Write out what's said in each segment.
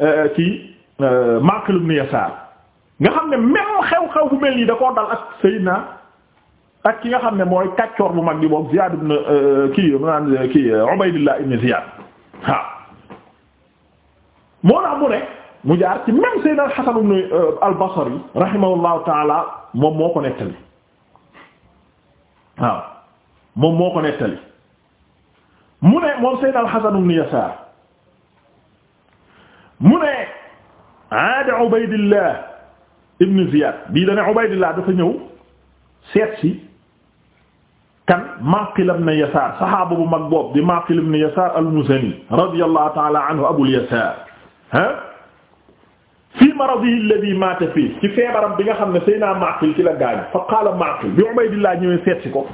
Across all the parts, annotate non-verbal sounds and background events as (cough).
Euh, ki euh, Maqil ibn Yasar nga xam ne même xew-xew bu mel nii da koo dal ak Seydina ak ki nga xam ne mooy kàccoor bu mag gi boobu Ziyad ibn euh, kii maanaam kii Ubaydillah ibn Ziyad waaw moo al-Hasan ibn al-Basri rahimahullahu moom moo ko nettali waaw moom moo ko nettali mu ne moom Seydina al-Hasan ibn Yasar mu ne aada Ubaydillah ibn Ziyad bii dana Ubaydillah dafa ñëw seet si kan Maqil ibn Yasar saxaaba bu mag boobu di Maqil ibn Yasar al-Muzani radiyallahu ta'ala anhu Abul Yasar ah fii maradihi alladhi mata fii ci feebaram bi nga xam ne Seydina Maqil ci la gaañu fa qaala Maqil bi Ubaydillah ñëwee seet si ko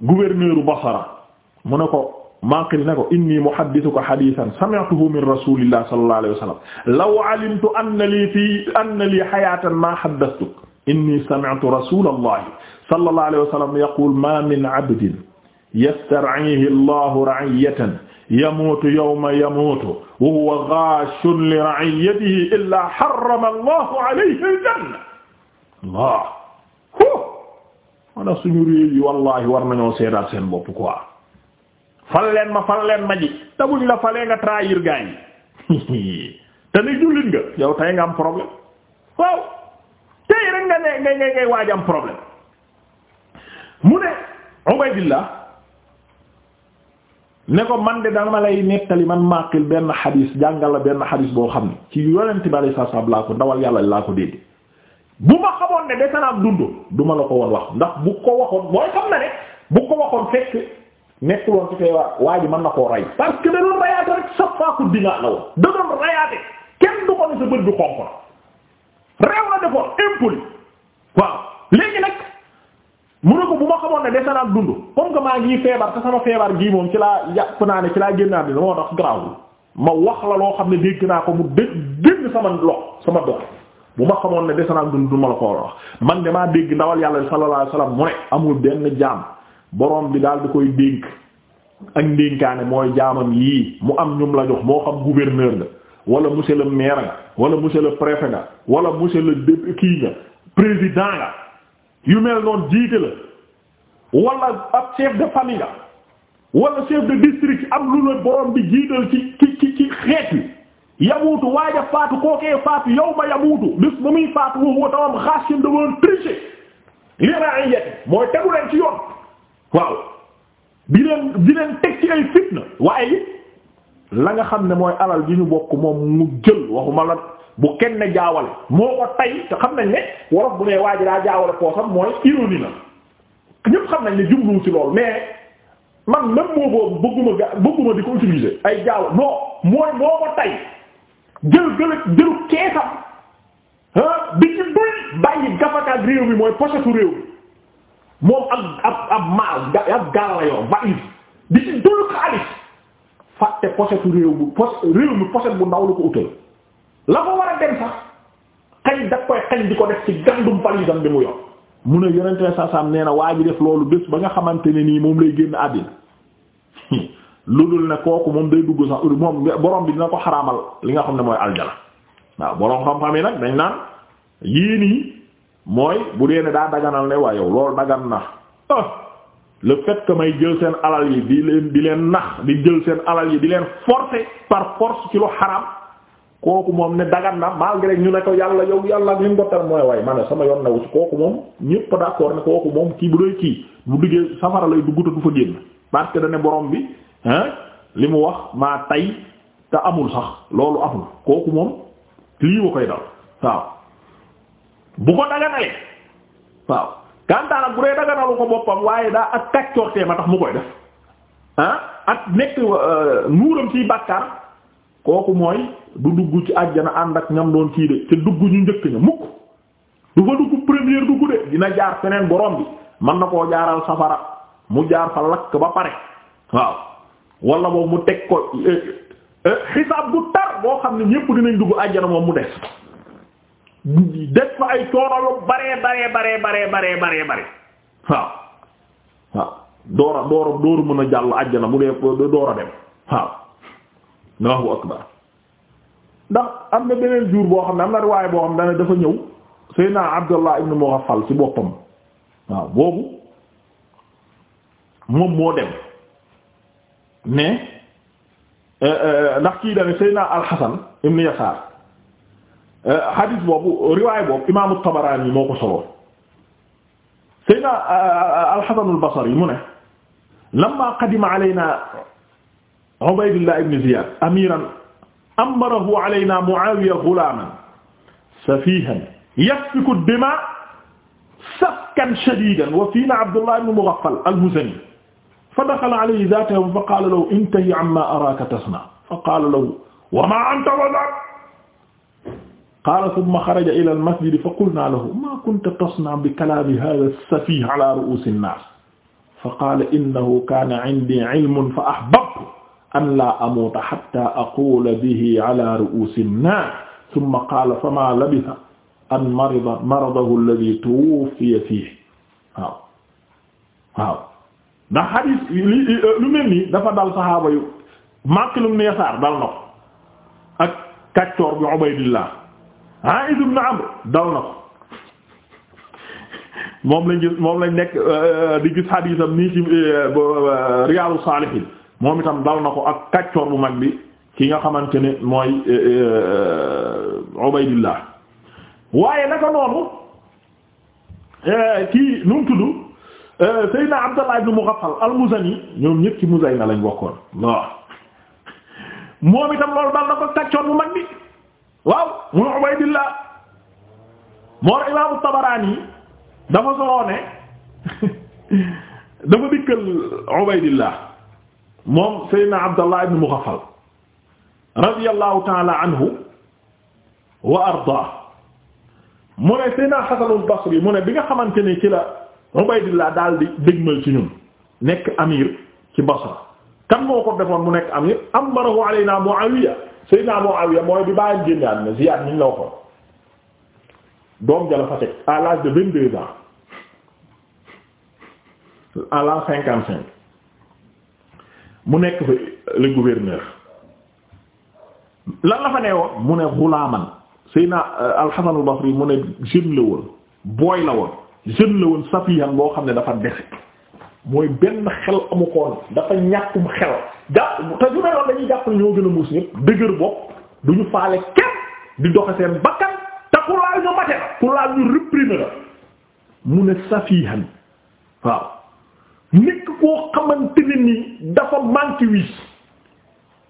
gouverneur Basra mu ne ko Maqil ne ko inni muhaddithuka hadithan sami'tuhu min rasulillah sallallahu alayhi wa sallam law alimtu anna li fi anna li hayatan ma haddathtuk inni sami'tu rasulallahi sallallahu alayhi wa sallam yaqul ma min 'abdin yastar'ihi Allahu ra'iyatan yamuutu yawma yamuutu wa huwa ghaashun li ra'iyyatihi illaa harrama Allahu alayhi al-janna Allah hu wala suñu réew yi wallahi war nañoo seedaat seen bopp quoi fal leen ma fal leen ma ji te buñ la falee nga trahir gars yi (laughs) te ni jullit nga yow tey nga am problème waaw tey rek nga ne ngay ngay ngay waaj am problème mu ne Ubaydillah ne ko man de dama lay nettali man maqil benn xadis jàngal la benn xadis boo xam ne ci yonent bi alay saasaam laa ko ndawal yàlla laa ko dégg bu ma xamoon ne desanaam dund duma la ko woon wax ndax bu ko waxoon mooy xam na ne bu ko waxoon fekk nekk woon ci feebar waa ji man na koo rey parce que da doon rek sa faaku dinaa la woon da doon rayaate kenn du ko ne sa bët bi xonq na réew la defoon impoli waaw léegi nag mu a ko bu ma xamoon ne desanaat dund comme que maa ngi feebar te sama feebar gii moom ci laa yàpp naa ne ci laa génnaat bi moo tax garaawul ma wax la loo xam ne dégg naa ko mu dé dégg sama lo sama dox bu ma xamoon ne desanaat dund du ma la ko wax man de maa dégg ndawal yàlla sallallahu alayhi wasallam mu ne amul koy ak ndénkaane mooy jaamam yii mu am ñum la jox moo xam gouverneur nga wala monsieur le maire nga wala monsieur le préfet nga wala monsieur le député kii nga président nga yu mel noonu jiite la wala ab chef de famille nga wala chef de district am lu la borom bi jiital ci ci ci xeet yi yamuutu waaja faatu kookee faatu yow ma yamuutu bis ba muy faatu woowu tawam xaas yi mu doon tricher li mooy tegu leen ci yoon waaw. di leen di leen teg ci ay fitna waaye la nga xam ne mooy alal ji ñu bokk moom mu jël waxuma la bu kenn jaawal moo ko tay te xam nañ ne worof bu nee waa ji daa jaawale poosam mooy ironie la ñëpp xam nañ ne jublu ci lool mais man même moo boobu bëgguma ga bëgguma di ko utiliser ay jaaw non mooy moo ko tay jël gëlëg jëlu keesam bi ah, ci duy bàyyi gafakaak réew mi mooy pochetu réew moom ab ab ab maal ab gaal la yor valise di ci dul xaalis fàtte pochette réew bu poche réew bu ndaw la ko utal la ko war a dem sax xañ da koy xañ di ko def ci gandum valise bi mu yor mu ne yonente sa sam nee na waa ji def loolu bés ba nga xamante ne nii moom lay génn àddina (laughs) lu dul ne kooku moom day dugg sax moom borom bi dina ko xaraamal li nga xam ne mooy aljana waaw borom xam-xam yi nag dañ naan yii nii mooy bu dee ne daa daganal ne waa yow loolu dagan na ah, le fait que may jël seen alal yi di leen di leen nax di jël seen alal yi di leen forcer par force ci lu xaram kooku moom ne dagan na malgré ñu ne ko yàlla yow yàlla li mu bottal mooy way ma sama yoon nawu ci kooku moom ñépp d'accord ne kooku moom kii bu doy kii bu duggee safara lay dugg te du fa génn parce que dane borom bi hein li mu wax maa tay te amul sax loolu amul kooku moom lii wa koy dal waaw bu ko daganalee waaw kantaanam bu dee daganalu ko boppam waaye daal ak kàccoortee ma tax mu koy def ah ak nekk euh, nuuram ciy bàkkaar kooku mooy du dugg ci àjjana ànd ak ñam doon kii de te dugg ñu njëkk ña mukk du fa dugg première dugg de dina jaar feneen borom bi mën na koo jaaral safara mu jaar fa lakk ba pare waaw wala boobu mu teg ko euh, euh, xisaab bu tar boo xam ne ñépp dinañ dugg àjjana moom mu des def fa ay coono yu baree baree baree baree baree baree baree waaw waaw doora doora dooru mën a jàll àjjana bu dee doora dem waaw Allahu akbar ndax am na beneen jour boo xam ne am na riwaay boo xam ne dafa ñëw Seydina Abdullah ibn Mughaffal ci boppam waaw boobu moom moo dem mais eh, eh, ndax kii dane Seydina Al-Hasan ibn Euh, hadis boobu riwaay boobu imaamu Tabaraani moo ko solo Seydina euh, euh, al-Hasan al-Basri mu ne lamma qadima alaynaa Ubaydullah ibn Ziyad amiran amarahu alaynaa Muawiya ghulaaman safiihan yasfiku ad-dimaa safkan shadiidan wa fiinaa Abdullah ibn Mughaffal al-Muzani fa dakhala alayhi zaata yawm fa qaala lahu intahi ammaa araaka tasna'u fa qaala lahu wa maa anta wa zaaka qaala thumma xaraja ila almasjidi fa qulna lahu maa kunta tasna'u bi kalaami haadha as-safiih ala ru'uusi an-naas fa qaala innahu kaana 'indii 'ilmun fa ahbabtu an laa amuuta hattaa aquula bihi ala ru'uusi an-naas thumma qaala famaa labitha an marida maradahu alladhii tuwuffiya fiihi waaw waaw ndax hadith lu mel nii dafa dal saxaaba yu Maqilu ibn Yasaar dal na ko ak kàccoor bi Ubaydillah A'iz ibn Amr daw na ko moom lañ gis moom lañ nekk euh, euh, di gis xadiisam nii ci euh, Riyaadu Saalihiin moom itam dal na ko ak kàccoor bu mag bi ki nga xamante ni mooy Ubaydillah waaye naka noonu kii nu mu tudd Seydina Abdallah ibn Mughaffal al-Muzani ñoom ñëpp ci Muzayna lañ bokkoon waaw moom itam loolu dal na ko kàccoor bu mag bi waaw mu Ubaydillah moor imaamu Tabaraani dafa soloo ne (laughs) dafa dikkal Ubaydillah moom Seydina Abdallah ibn Mughaffal radiyallahu ta'ala anhu wa ardaa mu ne Seydina Hasanul Basri mu ne bi nga xamante ne ci la Ubaydillah daal di dégmal ci ñun nekk amir ci Basra kan moo ko defoon mu nekk amir ambarahu alayna Muawiya Seydina Muawiya mooy bi bàyyam génne àddina Ziyaad ñu la waxoon doom jala fa teg à l'âge de vingt-deux ans à l'an cinquante cinq mu nekk fa le gouverneur lan la nee woon mu ne xulaaman Seydina euh, Al-Hasan al-Basri mu ne jeune la woon booy la woon jeune la woon safihan boo xam ne dafa dese mooy benn xel amu koon dafa ñàkkum xel jàpp te ñu meloon dañuy jàpp ñoo gën a muus ñëpp dëgër bopp du ñu faale kenn di doxe seen bakkan te ku laal ñu mate la ku laal ñu réprimer la mu ne safihan waaw nekk koo xamante ne ni dafa manque wis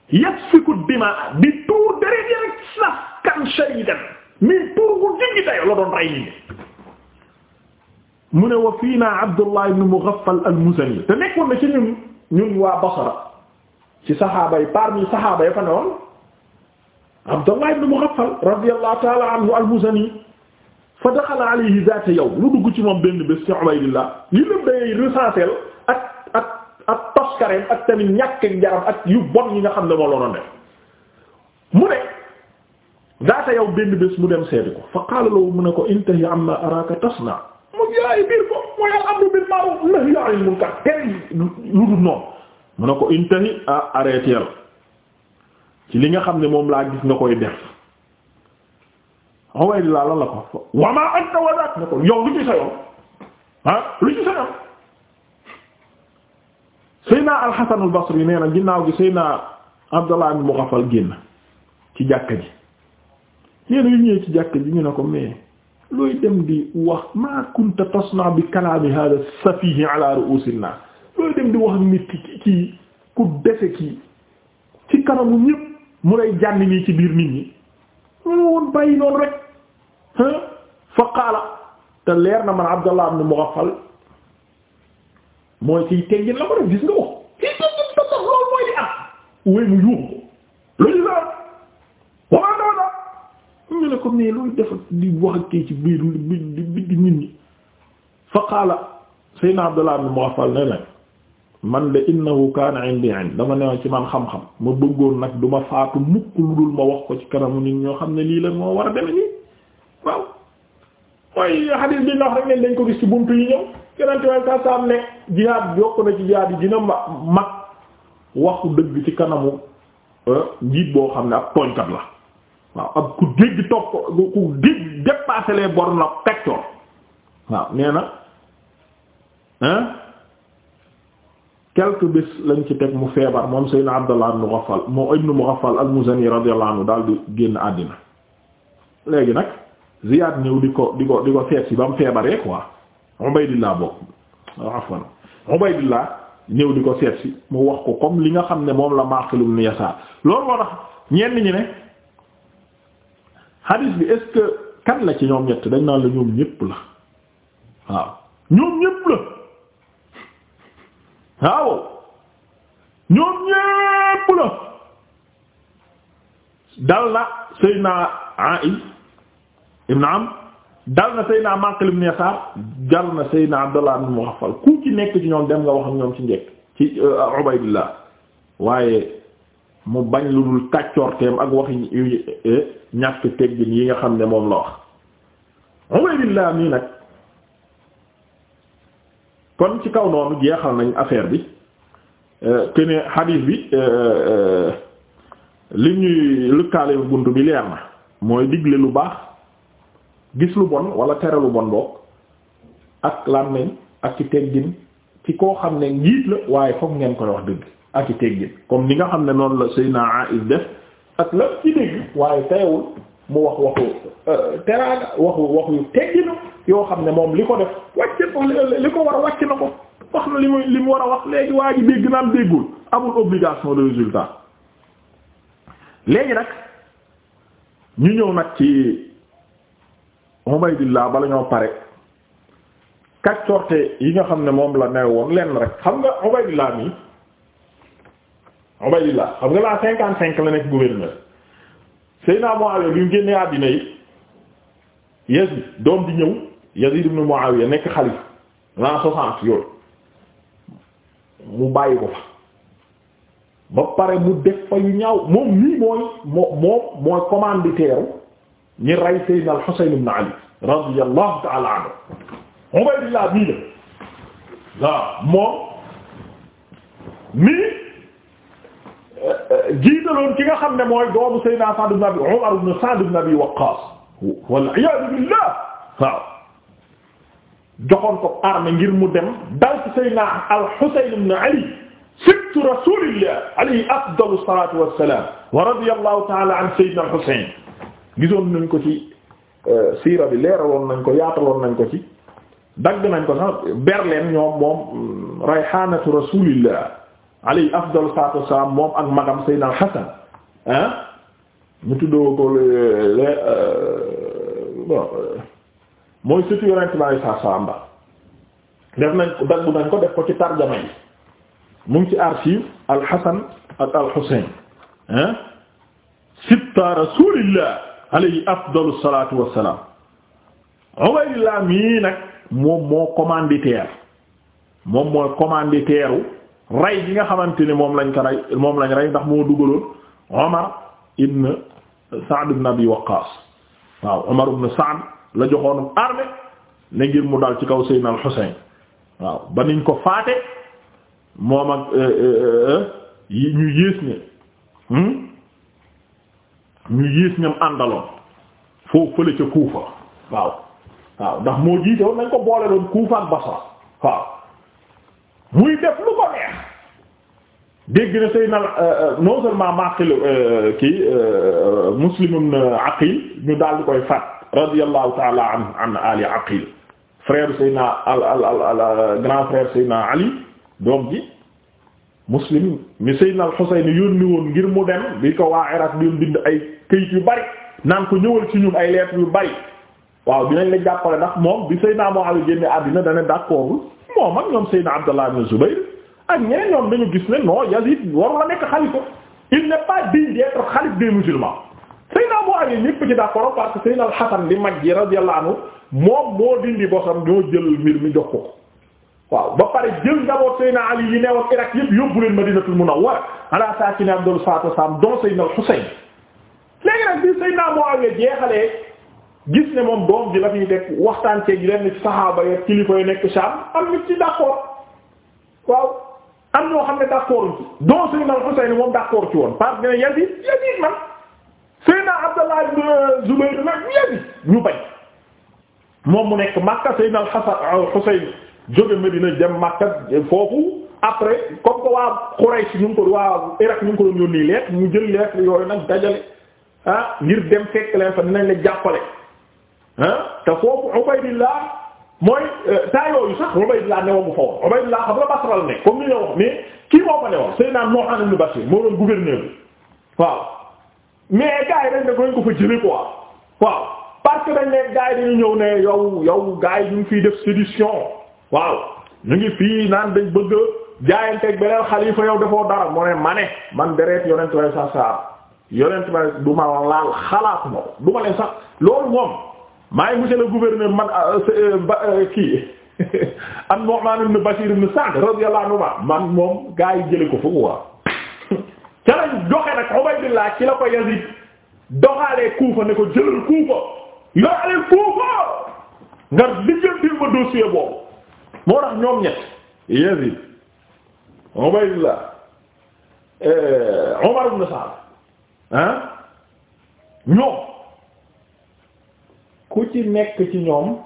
yag fi ku tuur deret yi saf kan sharidan mii tuur ku jiggi dayo la doon rey nii mu ne wa fii naa Abdullah ibn Mughaffal al-Muzani te nekkoon na ci ñun ñun waa Basra ci saxaaba yi parmi saxaaba yi fa ne woon Abdullah ibn Mughaffal radiyallahu ta'ala anhu al-Muzani fa daxala alayhi zaata yawm lu dugg ci moom benn bés ci Ubaydillah li lëm day recensé ak ak ak toskareem ak tamit ñàkk jaram ak yu bon yi nga xam ne moo loonoon def mu ne zaata yawm benn bés mu dem seeti ko fa qaala lahu mu ne ko intahi amma araka tasna mu yaay biir ko mu yar amru bil ma'ruf nahyi anil munkar tere lu dul noonu mu ne ko intahi ah arrêté ci li nga xam ne moom laa gis nga koy def away laa la la ko wa ma anta wadat ne ko yow lu ci sa yoon ah, lu ci sa yoon Seydina al basri nee na ginnaaw gi Seydina Abdallah ibn Mughaffal génn ci jàkka ji yéen yu ñëwee ci jàkka ji ñu ne ko mais looy dem di wax ma kunta tasna bi kalaami hada safihi ala ru'usin nas looy dem di wax nit ki kii ku dese kii ci kanamu ñépp mu lay jànni nii ci biir nit ñi munu woon bàyyi noonu rek fa qaala te leer na man Abdallah ibn Mughaffal mooy ciy teggin la ko def gis nga wax kii teggin ta tax loolu mooy di am wéy mu yuuxu ko ne ko mais looy def di wax ak kii ci biir bi di nit ñi fa qaala sayna Abdullah ibn Mughaffal ne nag man de innahu kaana indi ind dama newoon ci man xam-xam ma nag du ma faatu mukk wax ko ci kanamu nit ñoo xam ne lii la moo war a deme nii waaw mooy xadiis bi ndax rek ne dañ ko gis ci buntu yi ñëw kenante way ka saam ne jihaad yokk na ci jihaad yi dina ma mag waxu dëgg ci kanamu euh, njiit boo xam ne ab tooñkat la waaw ab ku dégg topp ku dégg dépasser les bornes la peccoor waaw nee na hein quelque bés lañ ci teg mu feebar moom Seydina Abdallah ibn Mughaffal moo ibn Mughaffal al-Muzani radiyallahu anhu daal di génn àddina léegi nag Ziyad ñëw di ko di ko di ko seet ba mu feebaree quoi Ubaydillah boobu afwan Ubaydillah ñëw di ko seet mu wax ko comme li nga xam ne moom la Maqil ibn Yasar loolu moo tax ñenn ñi ne hadith bi est-ce que kan la ci ñoom ñett dañ naan la ñoom ñépp la waaw ñoom ñépp la waaw ñoom ñépp na Seydina Aïs ibn Amr dal na Seydina Maqil ibn Yasar dal na Seydina Abdullah ibn Mughaffal ku ci nekk ci ñoom dem nga wax ak ñoom ci njekk ci euh, Ubaydillah waaye mu bañ lu dul kàccoorteem ak waxi eh, ñàkk teggin yi nga xam ne moom la wax Ubaydillah nii nag kon ci kaw noonu jeexal nañu affaire bi eh, que ne hadith bi eh, li ñuy lëkkaale bunt bi leer na mooy digle lu baax gis lu bon wala tere lu bon boog ak làmmiñ ak ci teggin ci koo xam ne njiit la waaye foog ngeen koy wax dëgg ak i teggin comme ni nga xam ne noonu la Seydina Aïs def ak la ci dégg waaye teewul mu wax waxu euh, teraanga waxu waxu tegginu yoo xam ne moom li ko def wàcce li ko war a wàcc na ko wax na li mu li mu war a wax léegi waa ji dégg naan déggul amul obligation de résultat léegi nag ñu ñëw nag ci laa bala ñoo pare kaccorte yi nga xam ne moom la ne woon lenn rek xam nga Ubaydillah mi Ubaydillah xam nga laa cinquante cinq la nekk gouverneur Seydina Muawiya bi mu génnee àddina yi Yazid doom di ñëw Yazid ibn Muawiya nekk xalif l'an soixante yooyu mu bàyyi ko fa ba pare mu def fa yu ñaaw moom nii mooy moo moom mooy commanditaire ñi rey Seydina al-Husayn ibn Ali radiyallahu ta'ala anhu Ubaydillah bii la waaw moom mii jiitaloon ki nga xam ne mooy doomu Seydina Sa'd ibn Abi Umar wal iyaadu billah waaw ko arme ngir mu dem dal ci Seydina al-Husayn ibn Ali sibtu Rasulillah alayhi afdalu salaatu wassalaam wa radiyallahu ta'ala an Seydina al-Husayn gisoon nañ ko ci euh, siira bi leeraloon nañ ko yaataloon nañ ko ci nañ ko sax Berlin ñoom moom mm, rayhaanatu Rasulillah alayhi afdalu salaatu wassalaam moom ak magam Seydina Hasan ah ñu tuddoo ko euh, euh, mooy surtout yonent bi alayhi salaatu wassalaam def nañ ko dagg nañ ko def ko ci tarjama yi mu ci archive al Hasan ak al Husayn ah sitta rasulillah alayhi afdalu salaatu wassalaam Ubaydillah mii nag moom moo commanditaire moom mooy commanditaire rey gi nga xamante ni moom lañ ko rey moom lañ rey ndax moo dugaloon Omar ibn Saad ibn Abi Waqqas waaw Omar ibn Saad la joxoon armée ne ngir mu dal ci kaw Seydina Al Xuseyn waaw ba niñ ko faate moom ak euh, euh, euh, ñu yées ne hmm? ñu yées ñam àndaloon foofu fële ca Kuufa waaw waaw ndax moo jiite nañ ko boole doon Kuufa ak Basra waaw muy def lu ko neex dégg na Seydina euh, euh, non seulement Maqil euh, kii Muslim ibn Aqil ñu daal di koy faat radiyallahu ta'ala an Ali Aqil frère Seydina al al al grand frère Seydina Ali doom ji Muslim mi Seydina al-Husayn yónni woon ngir mu dem bi ko waa Iraq bi bind ay këyit yu bari naan ko ñëwal ci ñun ay lettres yu bari waaw dinañ la jàppale ndax moom bi Seydina Muawiya génne àddina dana d'accordul moom ak ñoom Seydina Abdallah ibn Zubayr ak ñeneen ñoom dañu gis ne non a waru la nekk xalifa il n'est pas digne d'être khalife des musulmans Seydina Abu Ali ñépp ci d'accord parce que Seydina al-Hasan di mag ji radiyallahu anhu moom moo dindi bosam ñoo jël mbir mi jox waaw ba pare jël d'abord Seydina Ali yi neewoon Irak yépp yóbbu leen Madinatul Munawwara ala saakinihaa afdalu salaatu wa salaam don gis ne moom doom ji la fiy dekk waxtaan ceeg yenn saxaaba yi kilifa yu nekk Sham am nit ci d'accord waaw am ñoo xam ne d'accord ci doon Seydina Al-Husayn moom d'accord ci woon parce que Yazid Yazid man Seydina Abdallah ibn moom mu nekk Makka Seydina Al-Husayn jóge Medina dem Makka foofu après comme que waa Quraysh ñu ngi ko waa Irak ñu ngi ko doon yónnee leet ñu jël leet yooyu nag dajale ah, ngir dem fekk leen fa dinañ la jàppale te foofu Ubaydillah mooy taa euh, yooyu sax Ubaydillah ne woon bu fa woon Ubaydillah xam nga Basra la ne comme ni ñu wax mais kii moo fa ne woon Seydina waaw mais gars yi dañ ne dañ ko fa jëlee quoi waaw parce que ne gars yi dañu ñëw ne yow yow gars yi ñu ngi fiy def sédition waaw ñu ngi fii naan dañ bëgg jaayanteeg beneen xalifa yow dafoo dara moo ne ma ne man deret yonent lay sax saa yonent lay du laal xalaat ma du ma leen sax loolu moom. maay monsieur le gouverneur man euh, euh, euh, kii am (laughs) Nu'man ibn Bashir ibn Sa'd radiyallahu anhu man moom gaa yi jële ko fu mu (laughs) ca lañ doxe nag Ubaydillah ci la ko Yazid doxalee Kufa ne ko jëlal Kufa yorale Kufa nga lijjantil ma dossier boobu moo tax ñoom ñett Yazid Ubaydillah Umar ibn Sa'd ah ñoom ku ci nekk ci ñoom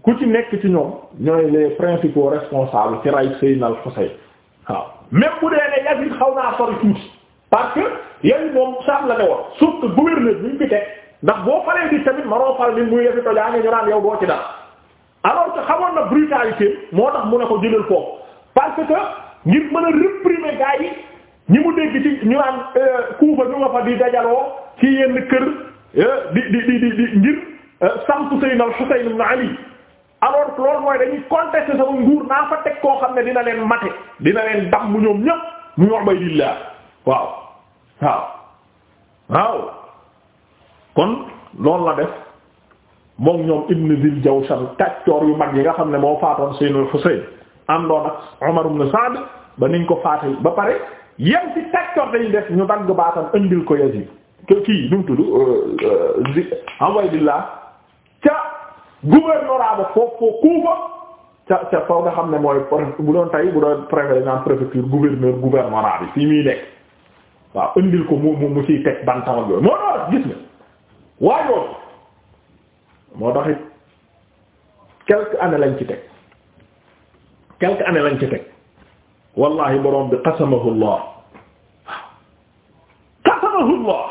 ku ci ci ñoom ñooy les principaux responsables ci ray Seydina al Husayn waaw même bu dee ne Yazid xaw naa sori tuuti parce que Yazid moom saam la ne woon surtout gouverneur bi ñu fi ndax boo falee di tamit maroo fal ni muy Yazid tojaa nga ñu naan boo ci dara alors que xamoon na brutalité moo tax mu ne ko jëlal foofu parce que ngir mën a réprimer gars yi ñi mu dégg ci ñu naan euh, Kuufa ñu nga fa di dajaloo ci yenn kër Eh, di di di di di ngir eh, samp Seydina Al-Husayn ibn Ali alors que mooy dañuy contester sama nguur naa fa teg koo xam ne dina leen mate dina leen dam mu ñoom ñëpp mu ñu Ubaydillah waaw waaw waaw kon loolu la def moom ñoom Ibn Dil Jawshan tàccoor yu mag yi nga xam ne moo faatoon Seydina Al-Husayn àndoon ak Umar ibn Sa'd ba niñ ko faate ba pare yem ci tàccoor dañuy def ñu dagg baatam indil ko Yazid kii nu euh, euh, ca ca ca xam ne mooy bu doon tey bu doon préfet naan préfecture gouverneur gouvernorat fii muy nekk waaw indil ko mu mu mu ciy teg bantam ak yooyu moo doon gis nga waajoon moo taxit quelques années lañ ci teg quelques années lañ ci teg wallahi borom bi qasamahu Allah qasamahu Allah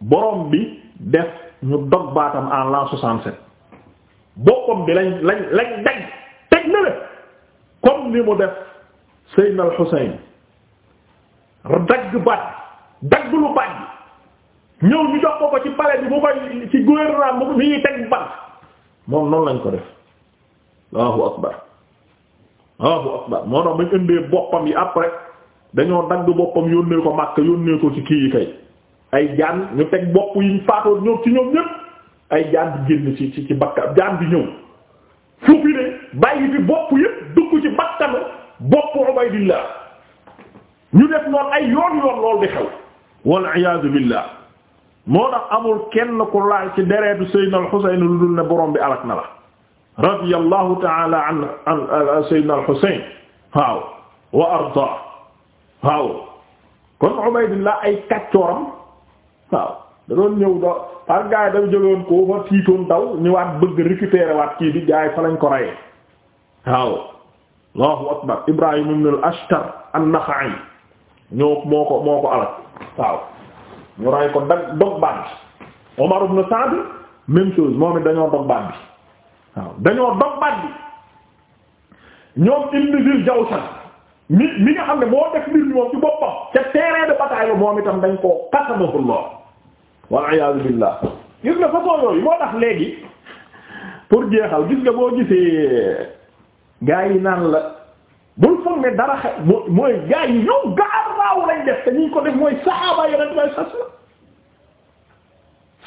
borom bi def ñu dog baatam en l'an soixante-sept boppam bi lañ lañ lañ daj teg na le comme ni mu def Seydina al-Husayn dagg baat dagg lu baat bi ñëw ñu jox ko ci palais bi mu koy ci gouvernement mu ñuy teg baat moom noonu lañ ko def Allahu akbar Allahu akbar moo tax bañ indee boppam yi après dañoo dagg boppam yónnee ko Makka yónnee ko ci kii yi kay ay jaan ñu teg bopp yiñ faatoon ñoom ci ñoom ñëpp ay jaan bi génn ci ci ci jaan bi ñëw foofu de bàyyi fi bopp yëpp dugg ci bakkanu bopp Ubaydillah ñu def noonu ay yoon yoon lool di xew wal iyaadu billah moo tax amul kenn ku laal ci dereetu Seydina al-Husayn lu dul ne borom bi alak na la radiyallahu ta'ala an Seydina al-Husayn wa arda waaw kon Ubaydillah ay kaccooram waaw da doon ñëw do par gars yi dafa jëloon koo fa tiitoon daw ñëwaat bëgg récupérer waat kii bi gars fa lañ ko reyee waaw Allahu akbar Ibrahim ibn al-Ashtar ko moo ko alal waaw ñu rey ko dag dog moom it dañoo dog baat bi waaw dañoo dog baat bi ñoom Ibn Jawsan mi mi nga xam ne moo def mbir moom ci boppam ca terrain de bataille moom itam dañ koo qasamahullah wal iyaazu billah gis nga façon yooyu moo tax léegi pour jeexal gis nga boo gisee gaa yi naan la bul foog ne dara xel mooy gaa yi ñoom gaaraaw lañ def te ñu ko def mooy saxaaba yonent way sas la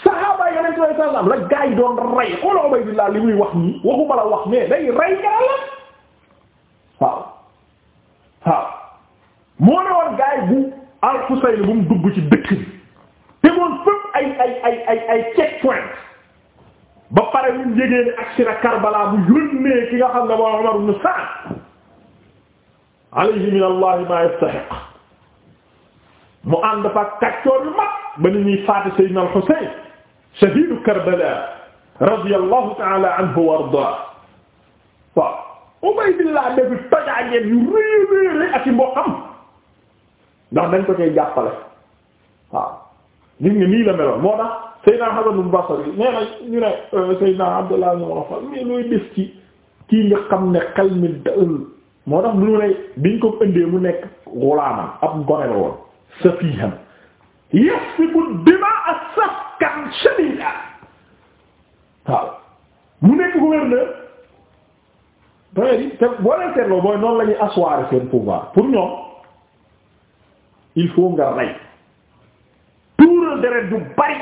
saxaaba yonent way sas am la gaa yi doon rey xooloo Ubaydillah li muy wax nii waxuma la wax mais day rey ñaar la waaw waaw moo ne woon gaa yi bu al Husayn bu mu dugg ci dëkk bi te moom ay ay ay ay ay check point ba pare ñun yégée ne aksi na Karbala bu yónnee ki nga xam ne moo Umar ibn Sa'd alayhi min allah ma yastahiq mu ànd fa kaccoor yu mag ba ni ñuy faati Sayyidina al-Husayn shahidu Karbala radiyallahu ta'ala anhu wa ardaa waaw Ubaydillah defi tojaangeen yu réeréere ak i mbokkam ndax dañ ko koy jàppale gis nga nii la meloon moo tax Seydina Hasan al-Basri nee ñu ne euh, Seydina Abdullah ibn Mughaffal mais looy def ci kii nga xam ne xel mi daal moo tax lu ne biñ ko mu nekk gulaaman ab gone waaw mu nekk gouverneur doye di te seetloo mooy noonu lañuy ñuy seen pouvoir pour ñoom il faut nga rey tuural deret yu bari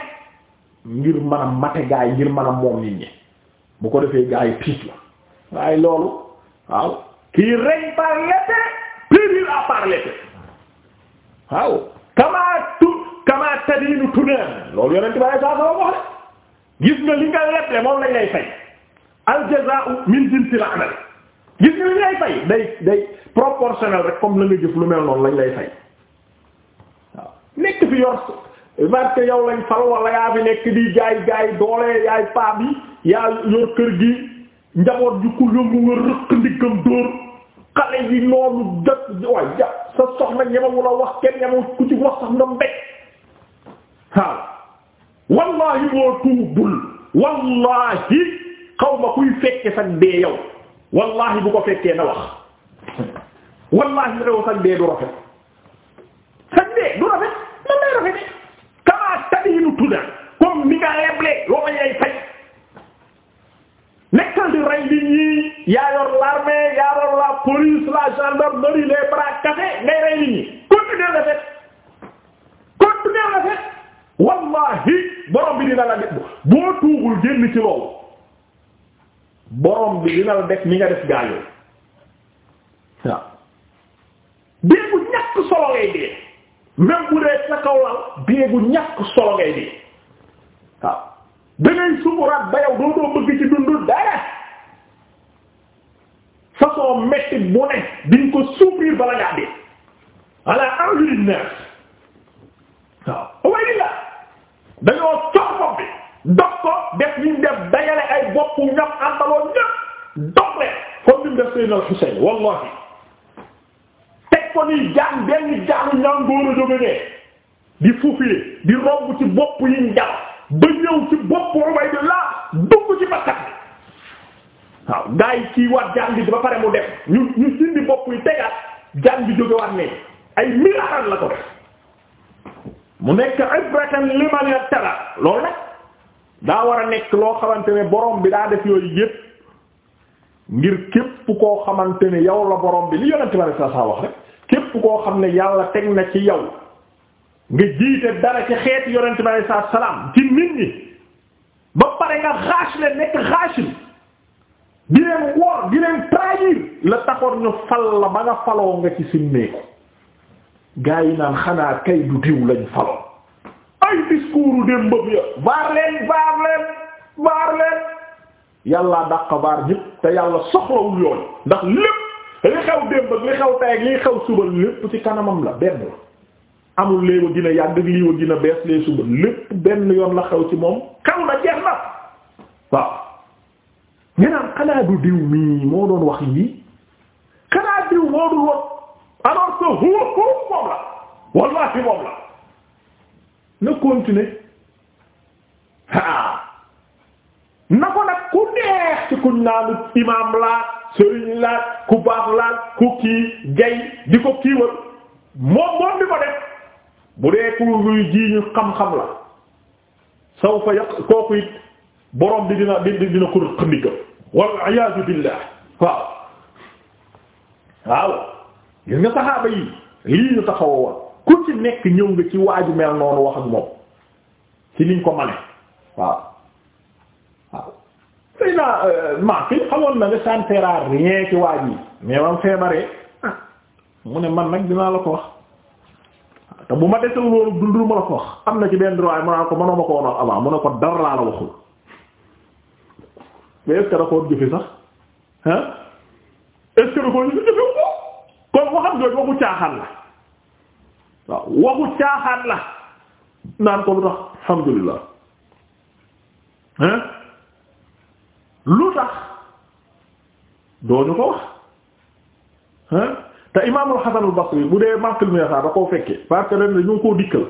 ngir mën a mate gaa ngir man a moom nit ñi bu ko defee gaa yi tiit la waaye loolu waaw qui règne par l'épée périra par l'épée waaw kamaa tu kamaa tadinu tunaan loolu yonent bi saa salam wax de gis nga li nga leble moom lañ lay fay al jazaa'u min jinsil amal gis nga li lay fay day day proportionnel rek comme la nga jëf lu mel noonu lañ lay fay waaw nekk fi yor parce que yow lañ fal wala yaa fi nekk di jaay jaay doole yaay paa bi yaa yor kër gi njaboot ju ku yëngu nga rëq ndiggam dóor xale yi noonu jot waay ja sa soxna ñemewu la wax kenn ñemewu ku ci wax sax nga mbéj waaw wallahi boo tuubul wallahi xaw ma kuy fekke sax dee yow wallahi bu ko fekkee na wax (laughs) wallahi rew sax dee du rafet tudda comme ni nga leble loo ma yay nekkal di rey nit ñi yaa yor l'armée la police la gendarmerie les bras cassés ngay rey nit ñi continuer la fet continuer la fet wallahi borom bi dina la def boo tuugul génn ci loolu borom bi dina la def ni nga def gaayoo dee bu ñàkk solo lay dee même bu dee sa kaw lal déegu ñàkk solo ngay dee waaw da ngay ba yow doo doo bëgg ci dund dara façon métti bu ne diñ ko souffrir bala ngaa dee ala enjurine nef waaw way di dañoo cox bopp bi dog ko def ñu def dajale ay boppu ñox àntaloo ñëpp dog leen comme def Seydina Al Husayn wallahi ko ni jaan benn jaanu ñàngóor a jóge nee di fufile di romb ci bopp yi njab ba ñëw ci bopp Ubaydullah dugg ci bakkat bi waaw gaa yi waat jaan bi ba pare mu def ñu ñu sindi bopp yi tegaat jaan bi jóge waat ne ay miraaran la ko def mu nekk ibratan liman yattara lool nag daa war a nekk loo xamante ne borom bi daa def yooyu yépp ngir képp koo xamante ne yow la borom bi li yonent bi sallallahu alayhi wasallam wax rek képp koo xam ne yàlla teg na ci yow nga jiite dara ci xeeti yonent bi alayhi salaam ci nit ñi ba pare nga xaas leen nekk xaasil di leen wor di leen trahir la taxoon ñu fal la ba nga faloo nga ci simmeeku gaa yi naan xanaa kay du diw lañ faloo ay discours dem bëgg ya baar leen baar dàq baar ñépp te yàlla soxlawul yoon ndax lépp li xew démb li xew tay ak li xew suba lépp ci kanamam la benn la amul léewa gën a yàgg ak liiwa gën a bees lee suba lépp benn yoon la xew ci moom xew na jeex na waaw nga xanaa du diw mii moo doon wax yii xanaa diw moo dul wax alors que huwa huwa moom la wallahi moom la na continuer haa na ko nag ku neex ci kuñ naanu imaam laa sëriñ laaj ku baax laaj ku kii jay di ko kiiwal moom moom di ko def bu dee ku luy ji xam-xam la saw fa yàq kooku it borom bi dina di dina ko xëndikam wal iyaazu billah waaw waaw gis nga saxaaba yi lii ñu taxaw woon ku ci nekk ñëw nga ci waaju mel noonu wax ak moom ci liñ ko mane waaw day naa maak yi xamoon na ne ça ne sert à waaj yi mais man feebaree ah mu ne man nag dinaa la ko wax te bu ma desal loolu dundul ma la ko wax am na ci benn droit mu naa ko mënoo ma ko wonoon avant mu ne ko dara laa la waxul mais est da koo jëfe sax ah est da koo jëfe ko kon waxam jooju waxu caaxaan la waaw waxu caaxaan la naan ko lu tax alhamdulillah hein lu tax dooñu ko wax te imaamul Hasanul Basri bu dee Makka mi da koo fekke parce que ren dañoo koo dikkal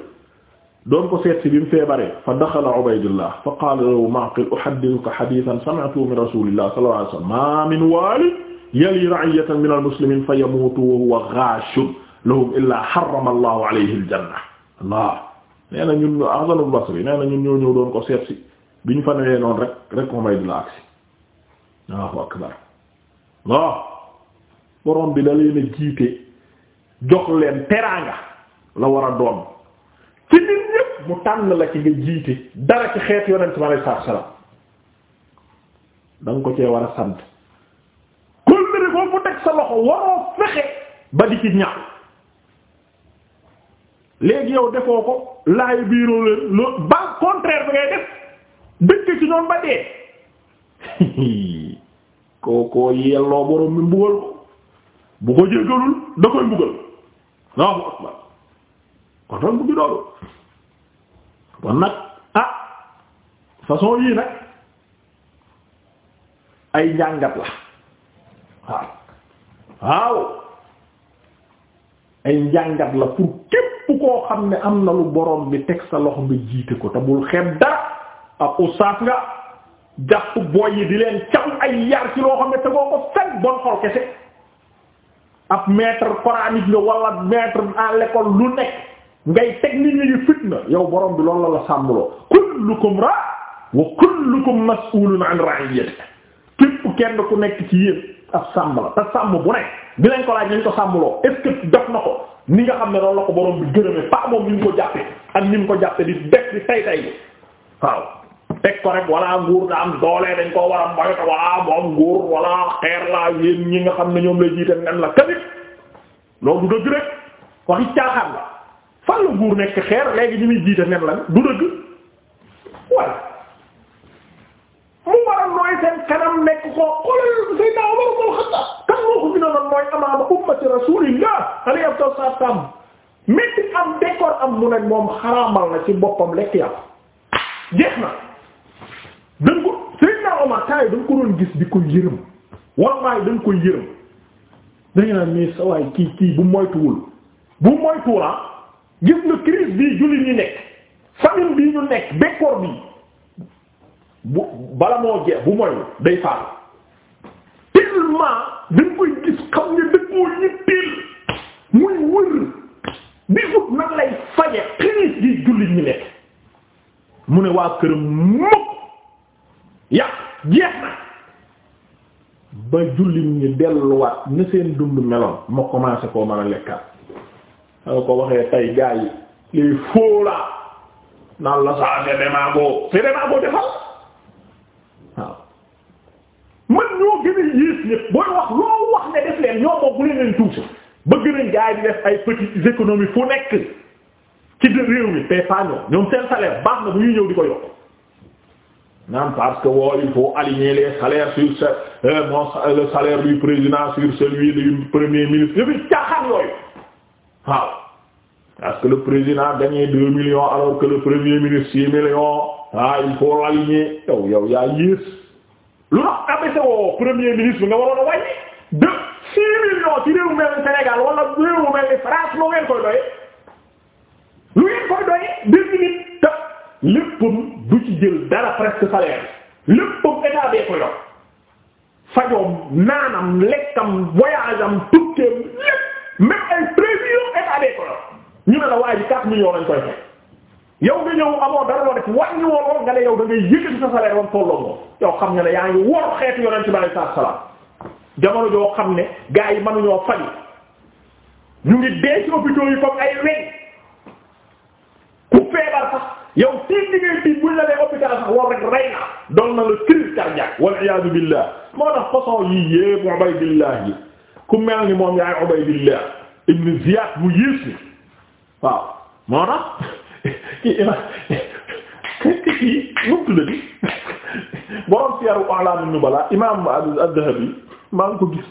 doon ko seet si bi mu feebaree fa daxala Ubaydullah fa qaala lahu Ma'qil uhaddithuka hadithan sami'tuhu min rasulillah sallallahu alayhi wasallam ma min wali yali ra'iyatan min al-muslimin fa yamutu wa huwa ghashun lahum illa harrama Allahu alayhi al-janna Allah nee na ñun Hasanul Basri nee na ñun ñoo ñëw doon ko seet si bi ñu fa newee noonu rek rek Ubaydullah aksi Allahu akbar waaw bi la leen a jiite jox leen teraanga la war a doon ci nit ñépp mu tànn la ci nga jiite dara ci xeet yonent bi alayhi salaatu salaam da ko ci war a sant kul foofu teg sa loxo waroo fexe ba di ci ñaaw léegi yow defoo ko laay biiroo leen ba contraire bi ngay def dëkk ci noonu ba dee (laughs) koo koo yelloo borom mi mbugal ko bu ko jéggalul da mbugal waaw waaw kon nag mu ngi doon nag ah façon yii nag ay njàngat la waaw waaw ay njàngat la pour képp koo xam ne am na lu borom bi teg sa loxo nga jiite ko te bul xeeb dara nga. jàpp booy yi di leen cam ay yar ci loo xam ne te boo ko fenn bon xol kese ab maître coranique nga wala maître à l'école lu nekk ngay teg nit ñi di fitna yow borom bi loolu la la sàmmloo kullukum ra wa kullukum mas'ulun an ra'iyyati képp kenn ku nekk ci yéen ab sàmm la te sàmm bu nekk dinañ ko laaj nañ ko sàmmloo est-ce que na ko ni nga xam ne loolu la ko borom bi gërëme pas moom ni mu ko jàppe ak ni mu ko jàppe di def di tay tay waaw teg ko rek walla nguur da am dañ koo war a moytu walla moom nguur walla xeer la yéen ñi nga xam ne ñoom lay jiite nen la kabit loolu dëgg rek waxi caaxaan la fan nguur nekk xeer léegi ñu muy jiite nen la du dëgg walla mu war a nooy seen kanam nekk ko xoolal Seydina Umar ibn mu ne moom xaraamal na ci boppam lekk yàpp jeex na dañ ko Seydina Omar taay dañ ko doon gis di ko yërëm wallaay dañ ko yërëm dañu naan mais sa kii kii bu moytuwul bu moytuwul ah, gis nga crise bii jullit ñi nekk famine bii ñu nekk bekkoor bii bu bala moo jeex bu moytu day faatu tellement dañ koy gis xam ne dëkkoo ñitteel muy wër bi fut nag lay faje crise bii jullit ñi nekk mu ne waa këram yàq jeex na ba jullit ñi delluwaat na seen dund meloon ma commencé koo mën a lekkaat danga ko waxee tay gaa yi les faux là la saa c'est démago c'est démago defal waaw man ñoo gën a yées ñépp booy wax loo wax ne def leen ñoo moom bu leen leen tuuti bëgg nañ gaa yi di def ay petites économies fu nekk ci réew mi te pas ñoom seen salaire baax na bu ñuy ñëw di ko yokk naan parce que woo il faut aligner les salaires sur ce euh, euh, le salaire du président sur celui du premier ministre yëfi caaxaan yooyu waaw parce que le président gagne deux millions alors que le premier ministre six millions ah il faut aligner yow yow yaa yées lu tax abese woo premier ministre nga waroon a wàññi de six millions ci réewu mel ni Sénégal wala réewu mel ni France koy doyee lu koy doyee dégg nit te du ci jël dara presque salaire lépp moom état bee ko yor fajoom naanam lekkam voyage tukkeem lépp même ay prévisions état ne la waa ji 4 millions lañ koy fay yow nga ñëw amoo dara loo def wàññi woon nga ne yow dangay ngay sa salaire woon tolloo moom yow xam ne ne yaa ngi wor xeetu yonent bi sallallahu alayhi wasallam jamono joo xam ne gaa yi mënuñoo faj ñu ngi dee ci hôpitaux yi comme ay weñ ku feebar sax. yow tiit li ngay tiit buñ la dee hôpital sax war rek rey na doon na la crise cardiaque wal iyaadu billah moo tax mu yées ni waaw moo tax (laughs) kii ima kii numtula bi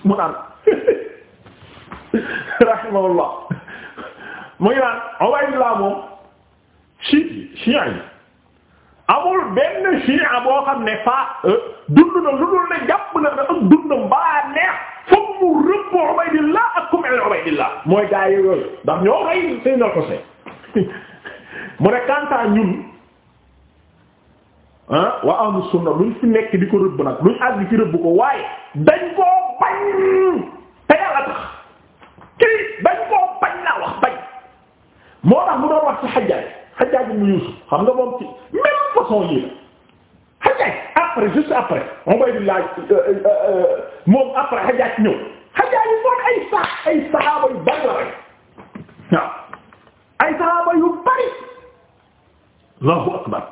mu naan (laughs) rahimahullah muy naan Ubaydillah chi chien yi amul benn chien boo xam ne fa euh, dund na lu dul ne jàpp na ne ak dundam baa neex foog mu rëbb Ubaydillah ak ku mel Ubaydillah mooy gaa yi yooyu ndax ñoo rey seen alxosé (laughs) mu ne kantaa ñun ah waa ahlu sunna luñ fi nekk di ko rëbb nag luñ àgg ci rëbb ko waaye dañ koo bañ te yàlla tax dañ koo bañ naa wax bañ moo tax mu doon wax ci xajjaay Hajjaj ibn Yusuf xam nga moom ci même façon yi la Hajjaj après juste après Ubaydullah euh, euh, euh, moom après Hajjaj ñëw Hajjaj yi moom ay sa ay saxaaba yu bari la rek waaw ay saxaaba yu bari Allahu akbar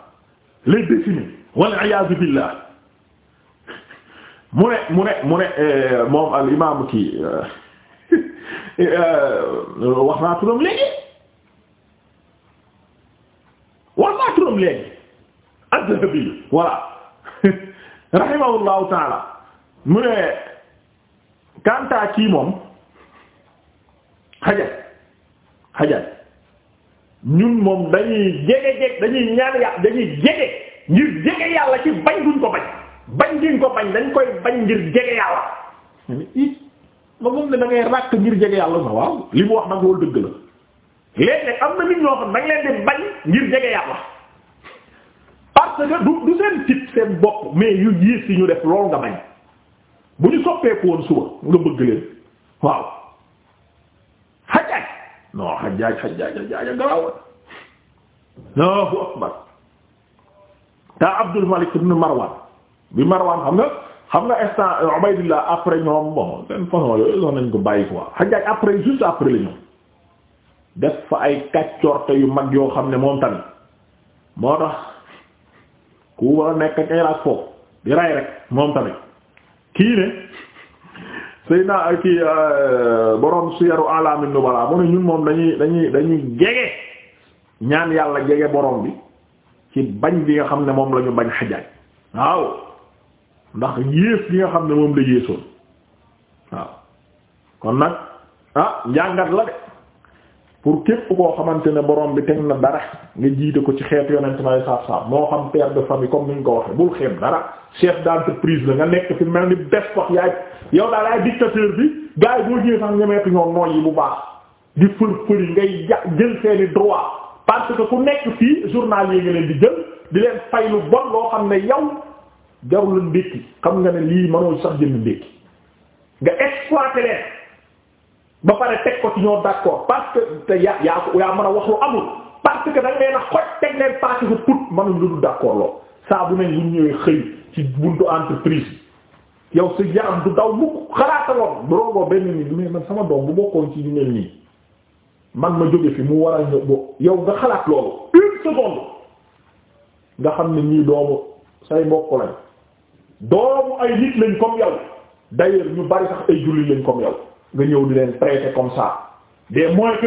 les décennies wal iyaazu billah mu ne mu ne mu ne moom al imaamu kii (laughs) wax naa turam léegi wax naa turam léegi ad-Dhahabi voilà (laughs) rahimahullahu taala mu ne kantaa kii moom xajaj xajaj ñun moom dañuy jege jeg dañuy ñaan yàlla dañuy jege ngir jege yàlla ci bañ duñ ko bañ bañ duñ ko bañ dañ koy bañ ngir jege yàlla ma moom ne da ngay ràkk ngir jege yàlla na waaw li mu wax nag loolu dëgg la léegi nag am na nit ñoo xam da nga leen di bañ ngir jege yàlla parce que du du seen type seen bopp mais yu yiis yi ñu def lool nga bañ bu ñu soppeeku woon suba nga bëgg leen waaw xajaaj non xajaaj xajaaj xajaaj a garaawal Allahu akbar taa Abdul Malik ibn bi Marwan xam nga xam nga instant Ubaydillah après ñoom bon seen façon yooyu nañ ko bàyyi quoi xajaaj après juste après la def fa ay kàccorte yu mag yoo xam ne moom tamit moo tax ku war a nekk ak Iraq foofu di ray rek moom tamit kii ne sëy naa kii euh, borom siyaru alamin nubala mu ne ñun moom dañuy dañuy dañuy jege ñaan yàlla jege borom bi ci bañ bi nga xam ne moom la ñu bañ xajaaj waaw ndax yées bi nga xam ne moom la yéesoon waaw kon nag ah njàngat la de pour képp koo xamante ne borom bi teg na dara nga jiite ko ci xeet yonent may saab-saab moo xam père de famille comme ni ñu ko waxee bul xeeb dara chef d'entreprise la nga nekk fi mel ni bes wax yaay yow daal ay dictateur bi gars yi boo ñëwee sax ñemeetu ñoo nooy di fër fëri ngay ja jël seeni droit parce que ku nekk fii journal yi nga leen di jël di leen fay lu bon loo xam ne yow la ndékki xam nga ne lii mënoo sax jënd ndékki nga exploité leen ba pare teg ko ci ñoo d'accord parce que te yaa yaa ko a wax lu amul parce que da nga leen a xoj teg leen passé ko tout lu du d'accord lool saa bu ne ñëwee xëy ci buntu entreprise yow sa yaram du daw mukk xalaataloon bu roogoo benn nit mais man sama doom bu bokkoon ci ñu mel nii man ma jóge fi mu war ñëw bo yow nga xalaat loolu une seconde nga xam ne ñii doomu say mbokk lañ doomu ay nit lañ comme yow d'ailleurs ñu bari sax ay jullit lañ comme nga ñëw di leen comme ça des moins que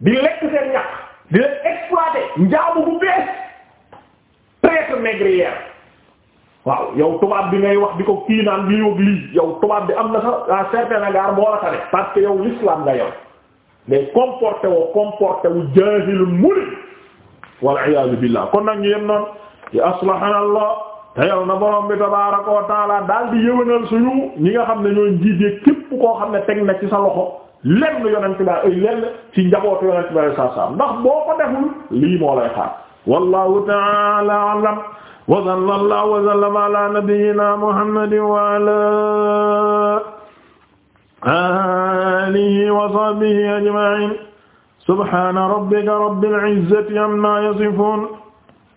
di lekk seen ñax di leen exploiter njaamu bu bees traite négrière waaw yow tubaab bi ngay wax di ko kii naan lii ak lii yow tubaab bi am na sax à certain égard moo la tane que yow l'islam nga yow mais comporté wu comporté wu jaahilul murid wal iyaazu billah kon nag ñu yem noonu ya aslahana Allah te yal na borom bi tabaaraka wa taala daal di yëwénal suñu ñi nga xam ne ñooy njiit képp koo xam ne teg na ci sa loxo lenn yonent bi ay lenn ci njabootu yonent bi ay saa saa ndax boo ko deful lii moo lay xaar wallahu taala alam wa sallallahu wa sallama ala nabiyyina muhammadin wa ala alihi wa sahbihi ajma'in subhana rabbika rabbil izzati amma yasifun